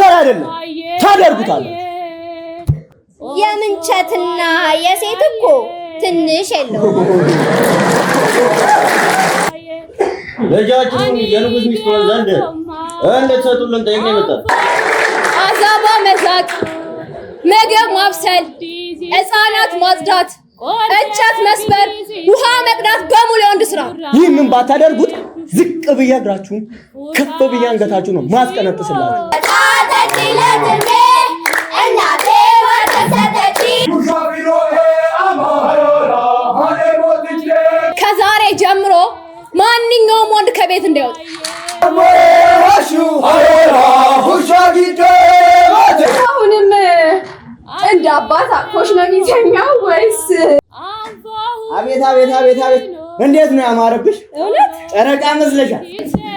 ቸር አይደለም፣ ታደርጉታለህ። የምንቸትና የሴት እኮ ትንሽ የለውም። ልጃችሁን የንጉሥ ሚስት ዘንድ እንድትሰጡልን ጠይቄ ይመጣል። አዛባ መዛቅ፣ ምግብ ማብሰል፣ ህፃናት ማጽዳት፣ እንጨት መስበር፣ ውሃ መቅዳት በሙሉ የወንድ ስራ። ይህንን ባታደርጉት ዝቅ ብዬ እግራችሁን ከፍ ብዬ አንገታችሁ ነው ማስቀነጥስላችሁ። ከዛሬ ጀምሮ ማንኛውም ወንድ ከቤት እንዳይወጣ አሁንም እንደ አባት አቅፎሽ ነው የሚተኛው ወይስ? አቤት አቤት አቤት አቤት! እንዴት ነው ያማረብሽ! እውነት ጨረቃ መስለሻል።